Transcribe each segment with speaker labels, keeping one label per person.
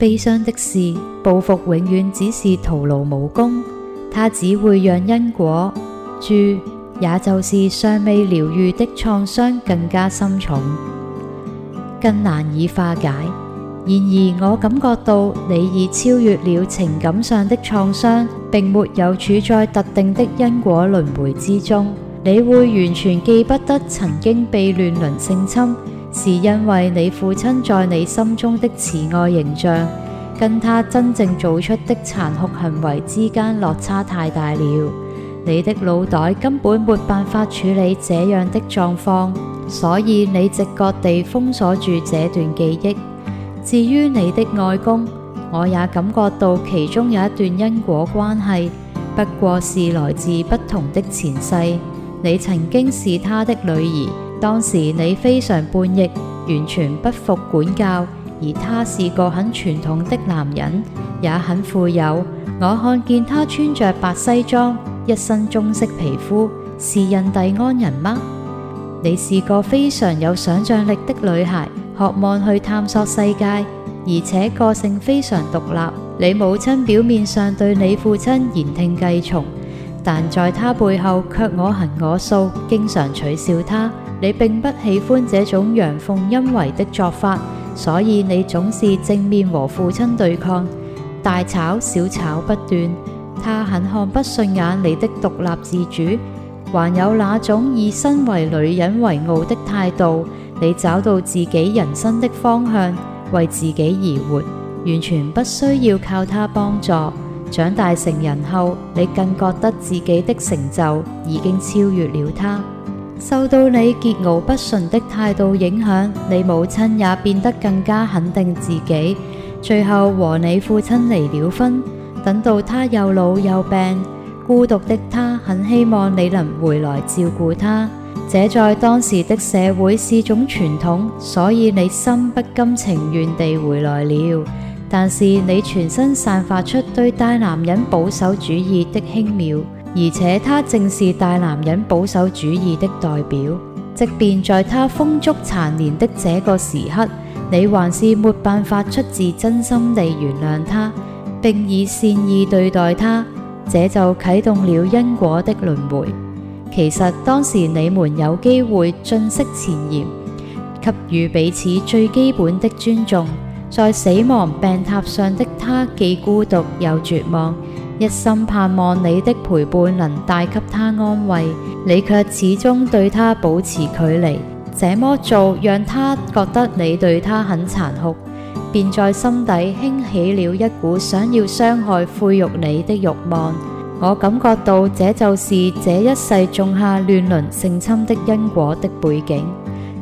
Speaker 1: 悲傷的是，報復永遠只是徒勞無功，它只會讓因果注，也就是尚未療癒的創傷更加深重，更難以化解。然而，我感覺到你已超越了情感上的創傷，並沒有處在特定的因果輪回之中。你會完全記不得曾經被亂倫性侵。是因為你父親在你心中的慈愛形象，跟他真正做出的殘酷行為之間落差太大了，你的腦袋根本沒辦法處理這樣的狀況，所以你直覺地封鎖住這段記憶。至於你的外公，我也感覺到其中有一段因果關係，不過是來自不同的前世。你曾經是他的女兒。當時你非常叛逆，完全不服管教，而他是個很傳統的男人，也很富有。我看見他穿着白西裝，一身棕色皮膚，是印第安人嗎？你是個非常有想象力的女孩，渴望去探索世界，而且個性非常獨立。你母親表面上對你父親言聽計從，但在他背後卻我行我素，經常取笑他。你並不喜歡這種陽奉陰違的做法，所以你總是正面和父親對抗，大吵小吵不斷。他很看不順眼你的獨立自主，還有那種以身為女人為傲的態度。你找到自己人生的方向，為自己而活，完全不需要靠他幫助。長大成人後，你更覺得自己的成就已經超越了他。受到你桀驁不馴的態度影響，你母親也變得更加肯定自己，最後和你父親離了婚。等到他又老又病，孤獨的他很希望你能回來照顧他。這在當時的社會是種傳統，所以你心不甘情願地回來了。但是你全身散發出對大男人保守主義的輕蔑。而且他正是大男人保守主義的代表，即便在他風燭殘年的這個時刻，你還是沒辦法出自真心地原諒他，並以善意對待他，這就啟動了因果的輪迴。其實當時你們有機會盡釋前嫌，給予彼此最基本的尊重，在死亡病榻上的他既孤獨又絕望。一心盼望你的陪伴能帶給他安慰，你卻始終對他保持距離，這麼做讓他覺得你對他很殘酷，便在心底興起了一股想要傷害、毀辱你的慾望。我感覺到這就是這一世種下亂倫性侵的因果的背景。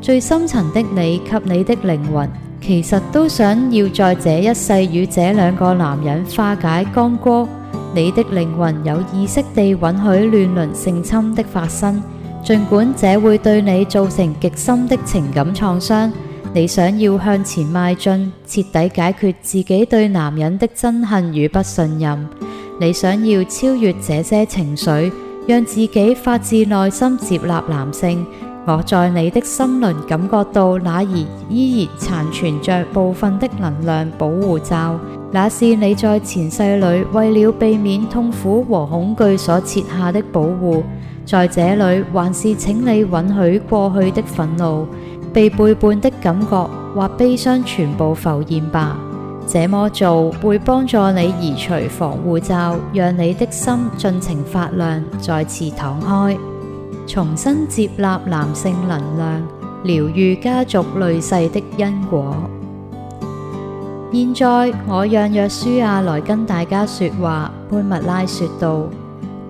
Speaker 1: 最深層的你及你的靈魂，其實都想要在這一世與這兩個男人化解干戈。你的靈魂有意識地允許亂倫性侵的發生，儘管這會對你造成極深的情感創傷。你想要向前邁進，徹底解決自己對男人的憎恨與不信任。你想要超越這些情緒，讓自己發自內心接納男性。我在你的心輪感覺到，那兒依然殘存着部分的能量保護罩。那是你在前世裏為了避免痛苦和恐懼所設下的保護，在這裏還是請你允許過去的憤怒、被背叛的感覺或悲傷全部浮現吧。這麼做會幫助你移除防護罩，讓你的心盡情發亮，再次敞開，重新接納男性能量，療癒家族累世的因果。現在我讓約書亞來跟大家說話。潘蜜拉說道：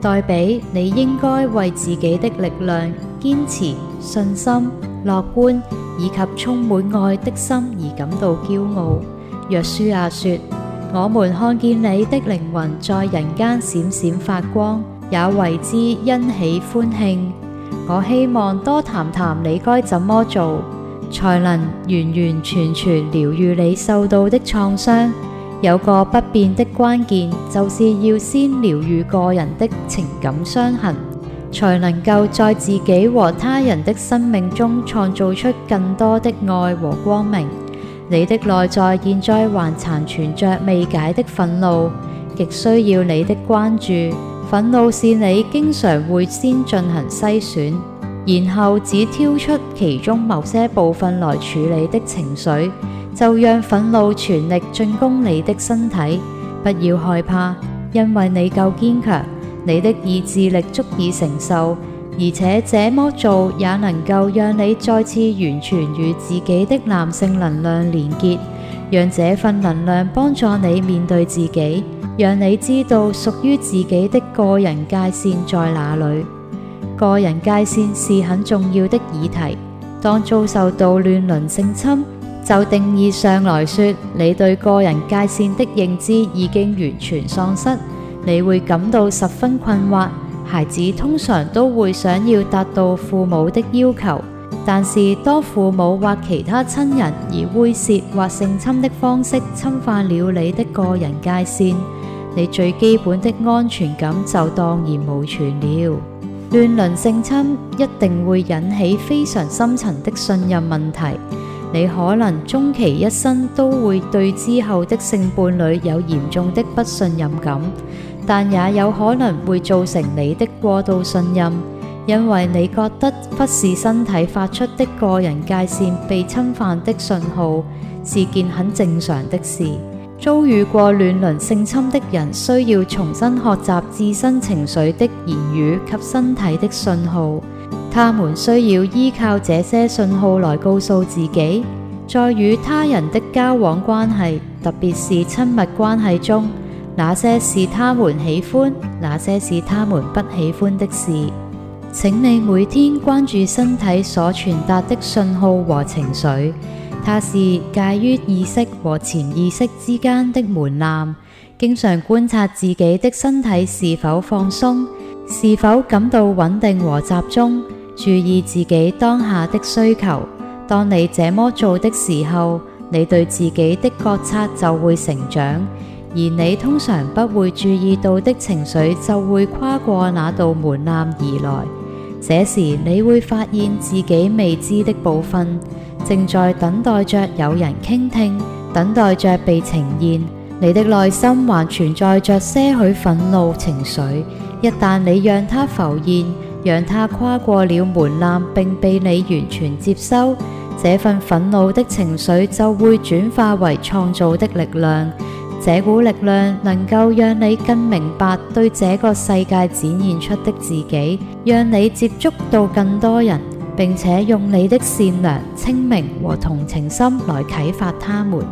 Speaker 1: 代比，你應該為自己的力量、堅持、信心、樂觀以及充滿愛的心而感到驕傲。約書亞說：我們看見你的靈魂在人間閃閃發光，也為之欣喜歡慶。我希望多談談你該怎麼做。才能完完全全療癒你受到的創傷。有個不變的關鍵，就是要先療癒個人的情感傷痕，才能夠在自己和他人的生命中創造出更多的愛和光明。你的內在現在還殘存着未解的憤怒，極需要你的關注。憤怒是你經常會先進行篩選。然後只挑出其中某些部分來處理的情緒，就讓憤怒全力進攻你的身體。不要害怕，因為你夠堅強，你的意志力足以承受，而且這麼做也能夠讓你再次完全與自己的男性能量連結，讓這份能量幫助你面對自己，讓你知道屬於自己的個人界線在哪裏。個人界線是很重要的議題。當遭受到亂倫性侵，就定義上來說，你對個人界線的認知已經完全喪失，你會感到十分困惑。孩子通常都會想要達到父母的要求，但是當父母或其他親人以猥褻或性侵的方式侵犯了你的個人界線，你最基本的安全感就蕩然無存了。亂倫性侵一定會引起非常深層的信任問題，你可能終其一生都會對之後的性伴侶有嚴重的不信任感，但也有可能會造成你的過度信任，因為你覺得忽視身體發出的個人界線被侵犯的信號是件很正常的事。遭遇過亂倫性侵的人需要重新學習自身情緒的言語及身體的信號，他們需要依靠這些信號來告訴自己，在與他人的交往關係，特別是親密關係中，哪些是他們喜歡，哪些是他們不喜歡的事。請你每天關注身體所傳達的信號和情緒。它是介於意識和潛意識之間的門檻。經常觀察自己的身體是否放鬆，是否感到穩定和集中，注意自己當下的需求。當你這麼做的時候，你對自己的覺察就會成長，而你通常不會注意到的情緒就會跨過那道門檻而來。這時你會發現自己未知的部分。正在等待着有人傾聽，等待着被呈現。你的內心還存在着些許憤怒情緒，一旦你讓它浮現，讓它跨過了門檻，並被你完全接收，這份憤怒的情緒就會轉化為創造的力量。這股力量能夠讓你更明白對這個世界展現出的自己，讓你接觸到更多人。並且用你的善良、清明和同情心來啟發他們。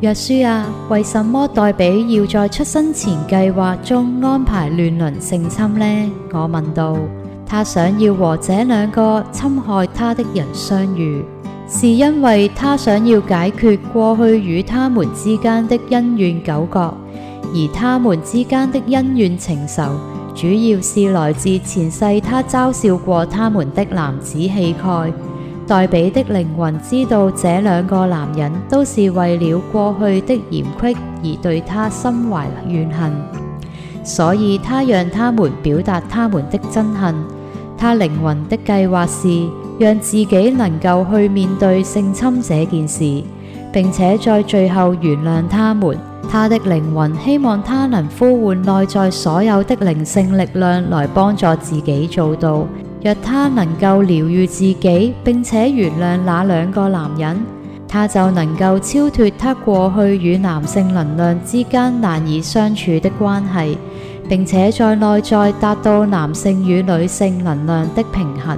Speaker 1: 約書亞，啊，為什麼代比要在出生前計劃中安排亂倫性侵呢？我問道。他想要和這兩個侵害他的人相遇，是因為他想要解決過去與他們之間的恩怨糾葛，而他們之間的恩怨情仇，主要是來自前世，他嘲笑過他們的男子氣概，黛比的靈魂知道這兩個男人都是為了過去的嚴苛而對他心懷怨恨，所以他讓他們表達他們的憎恨。他靈魂的計劃是讓自己能夠去面對性侵這件事，並且在最後原諒他們。她的靈魂希望她能呼喚內在所有的靈性力量來幫助自己做到。若她能夠療癒自己，並且原諒那兩個男人，她就能夠超脫她過去與男性能量之間難以相處的關係，並且在內在達到男性與女性能量的平衡。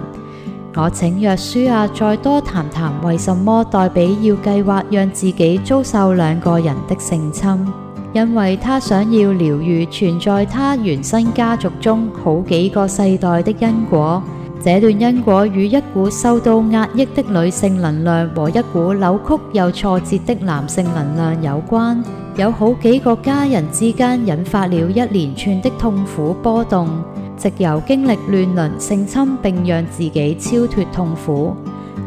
Speaker 1: 我請約書亞、啊、再多談談，為什麼代比要計劃讓自己遭受兩個人的性侵？因為他想要療癒存在他原生家族中好幾個世代的因果。這段因果與一股受到壓抑的女性能量和一股扭曲又挫折的男性能量有關，有好幾個家人之間引發了一連串的痛苦波動。直由經歷亂倫、性侵，並讓自己超脫痛苦，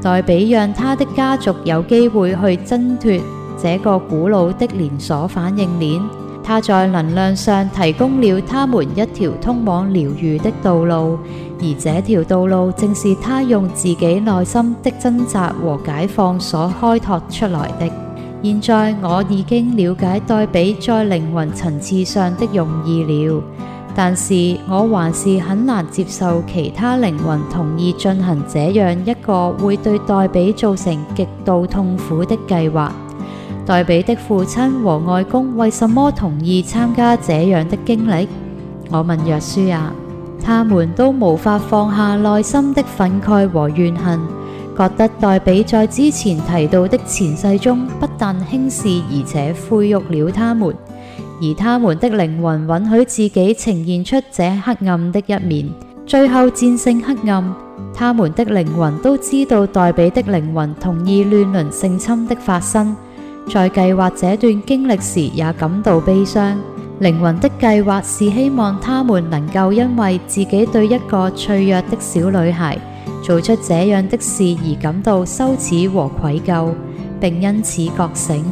Speaker 1: 代比讓他的家族有機會去掙脫這個古老的連鎖反應鏈。他在能量上提供了他們一條通往療癒的道路，而這條道路正是他用自己內心的掙扎和解放所開拓出來的。現在我已經了解代比在靈魂層次上的用意了。但是我還是很難接受其他靈魂同意進行這樣一個會對黛比造成極度痛苦的計劃。黛比的父親和外公為什麼同意參加這樣的經歷？我問約書亞啊，他們都無法放下內心的憤慨和怨恨，覺得黛比在之前提到的前世中不但輕視，而且侮辱了他們。而他們的靈魂允許自己呈現出這黑暗的一面，最後戰勝黑暗。他們的靈魂都知道黛比的靈魂同意亂倫性侵的發生，在計劃這段經歷時也感到悲傷。靈魂的計劃是希望他們能夠因為自己對一個脆弱的小女孩做出這樣的事而感到羞恥和愧疚，並因此覺醒。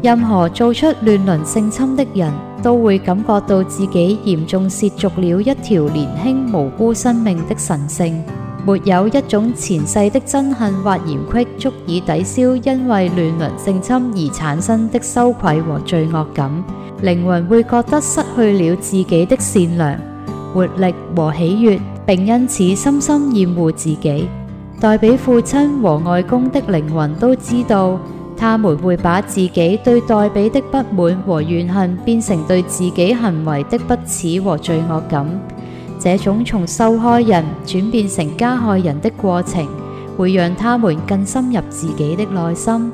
Speaker 1: 任何做出亂倫性侵的人都會感覺到自己嚴重褻瀆了一條年輕無辜生命的神性，沒有一種前世的憎恨或嫌隙足以抵消因為亂倫性侵而產生的羞愧和罪惡感。靈魂會覺得失去了自己的善良、活力和喜悅，並因此深深厭惡自己。代表父親和外公的靈魂都知道。他們會把自己對待彼的不滿和怨恨，變成對自己行為的不恥和罪惡感。這種從受害人轉變成加害人的過程，會讓他們更深入自己的內心，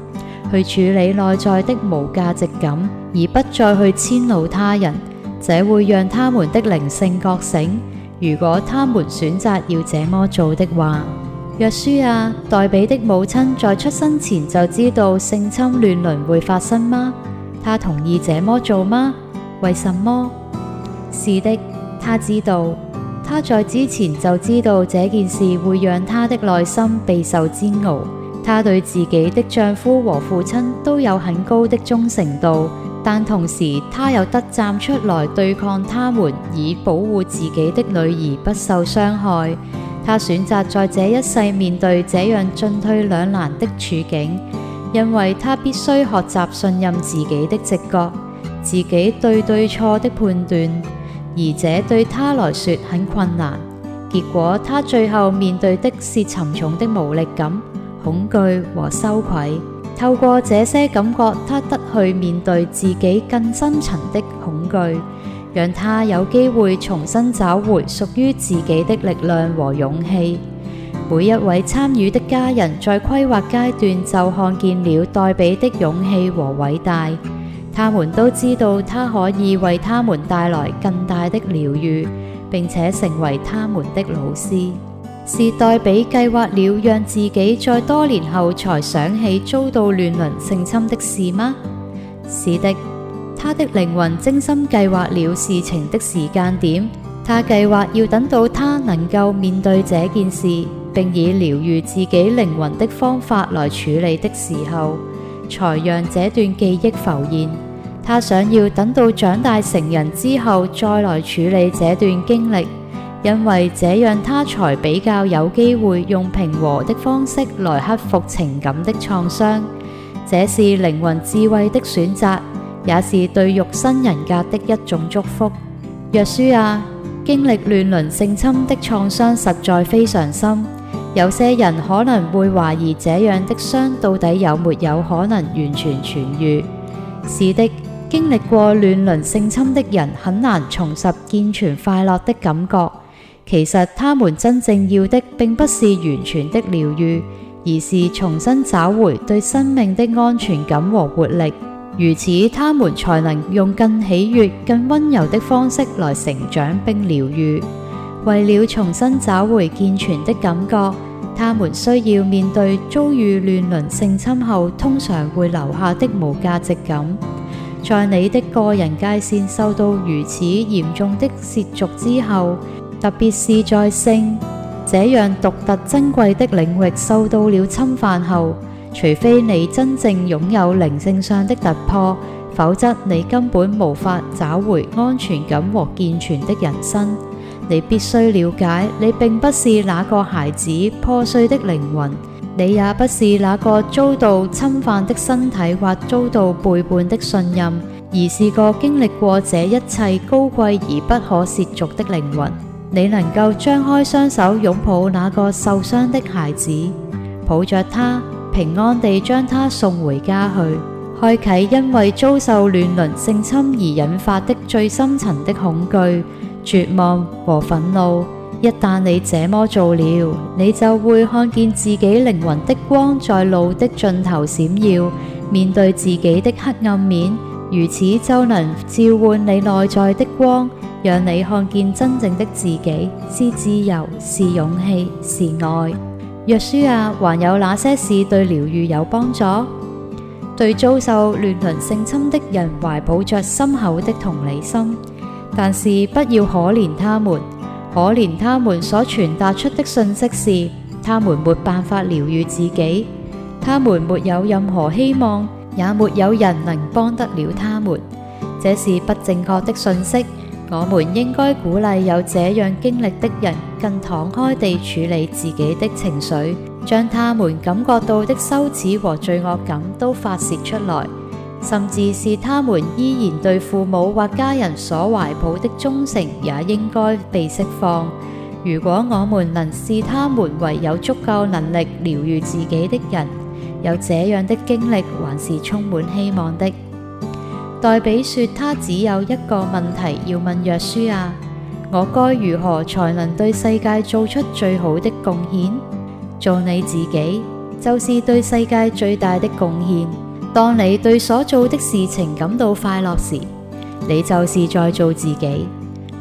Speaker 1: 去處理內在的無價值感，而不再去遷怒他人。這會讓他們的靈性覺醒。如果他們選擇要這麼做的話。約書亞，黛比的母親在出生前就知道性侵亂倫會發生嗎？她同意這麼做嗎？為什麼？是的，她知道，她在之前就知道這件事會讓她的內心備受煎熬。她對自己的丈夫和父親都有很高的忠誠度，但同時她又得站出來對抗他們，以保護自己的女兒不受傷害。他選擇在這一世面對這樣進退兩難的處境，因為他必須學習信任自己的直覺，自己對對錯的判斷，而這對他來說很困難。結果他最後面對的是沉重的無力感、恐懼和羞愧。透過這些感覺，他得去面對自己更深層的恐懼。讓他有機會重新找回屬於自己的力量和勇氣。每一位參與的家人在規劃階段就看見了代比的勇氣和偉大。他們都知道他可以為他們帶來更大的療癒，並且成為他們的老師。是代比計劃了讓自己在多年後才想起遭到亂倫性侵的事嗎？是的。他的靈魂精心計劃了事情的時間點，他計劃要等到他能夠面對這件事，並以療愈自己靈魂的方法來處理的時候，才讓這段記憶浮現。他想要等到長大成人之後再來處理這段經歷，因為這樣他才比較有機會用平和的方式來克服情感的創傷。這是靈魂智慧的選擇。也是對肉身人格的一種祝福。約書亞、啊、經歷亂倫性侵的創傷實在非常深，有些人可能會懷疑這樣的傷到底有沒有可能完全痊愈。是的，經歷過亂倫性侵的人很難重拾健全快樂的感覺。其實他們真正要的並不是完全的療愈，而是重新找回對生命的安全感和活力。如此，他們才能用更喜悅、更溫柔的方式來成長並療癒。為了重新找回健全的感覺，他們需要面對遭遇亂倫性侵後通常會留下的無價值感。在你的個人界線受到如此嚴重的褻瀆之後，特別是在性這樣獨特珍貴的領域受到了侵犯後。除非你真正擁有靈性上的突破，否則你根本無法找回安全感和健全的人生。你必須了解，你並不是那個孩子破碎的靈魂，你也不是那個遭到侵犯的身體或遭到背叛的信任，而是個經歷過這一切高貴而不可褻瀆的靈魂。你能夠張開雙手擁抱那個受傷的孩子，抱着他。平安地將她送回家去，開啟因為遭受亂倫性侵而引發的最深層的恐懼、絕望和憤怒。一旦你這麼做了，你就會看見自己靈魂的光在路的盡頭閃耀，面對自己的黑暗面，如此就能召喚你內在的光，讓你看見真正的自己，是自由，是勇氣，是愛。約書亞，還有哪些事對療癒有幫助？對遭受亂倫性侵的人，懷抱著深厚的同理心，但是不要可憐他們。可憐他們所傳達出的信息是，他們沒辦法療癒自己，他們沒有任何希望，也沒有人能幫得了他們。這是不正確的信息。我們應該鼓勵有這樣經歷的人，更敞開地處理自己的情緒，將他們感覺到的羞恥和罪惡感都發洩出來，甚至是他們依然對父母或家人所懷抱的忠誠，也應該被釋放。如果我們能視他們為有足夠能力療癒自己的人，有這樣的經歷還是充滿希望的。代比說，他只有一個問題要問約書亞：我該如何才能對世界做出最好的貢獻？做你自己，就是對世界最大的貢獻。當你對所做的事情感到快樂時，你就是在做自己。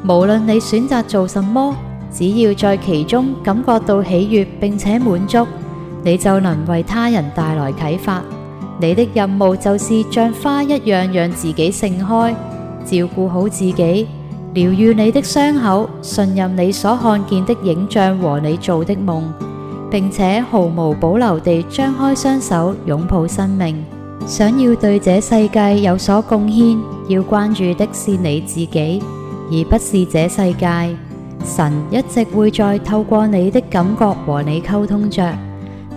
Speaker 1: 無論你選擇做什麼，只要在其中感覺到喜悦並且滿足，你就能為他人帶來啟發。你的任務就是像花一樣讓自己盛開，照顧好自己，療愈你的傷口，信任你所看見的影像和你做的夢，並且毫無保留地張開雙手擁抱生命。想要對這世界有所貢獻，要關注的是你自己，而不是這世界。神一直會再透過你的感覺和你溝通着。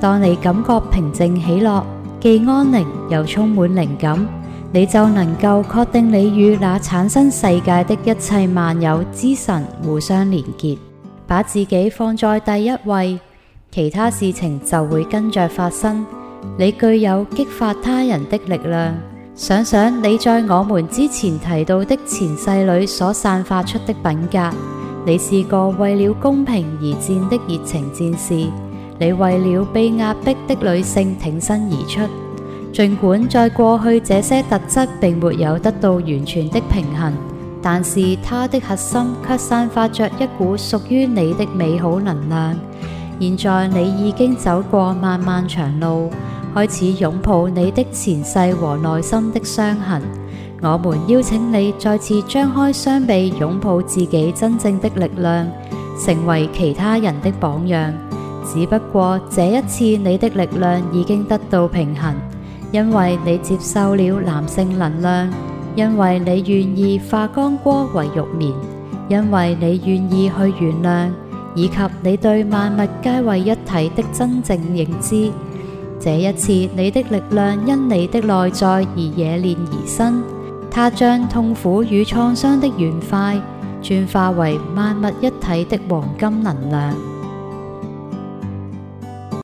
Speaker 1: 當你感覺平靜、喜樂。既安寧又充滿靈感，你就能夠確定你與那產生世界的一切萬有之神互相連結，把自己放在第一位，其他事情就會跟着發生。你具有激發他人的力量。想想你在我們之前提到的前世裏所散發出的品格，你是個為了公平而戰的熱情戰士。你為了被壓迫的女性挺身而出，盡管在過去這些特質並沒有得到完全的平衡，但是它的核心卻散發着一股屬於你的美好能量。現在你已經走過漫漫長路，開始擁抱你的前世和內心的傷痕。我們邀請你再次張開雙臂，擁抱自己真正的力量，成為其他人的榜樣。只不過這一次，你的力量已經得到平衡，因為你接受了男性能量，因為你願意化干戈為玉帛，因為你願意去原諒，以及你對萬物皆為一體的真正認知。這一次，你的力量因你的內在而冶煉而生，它將痛苦與創傷的愉快轉化為萬物一體的黃金能量。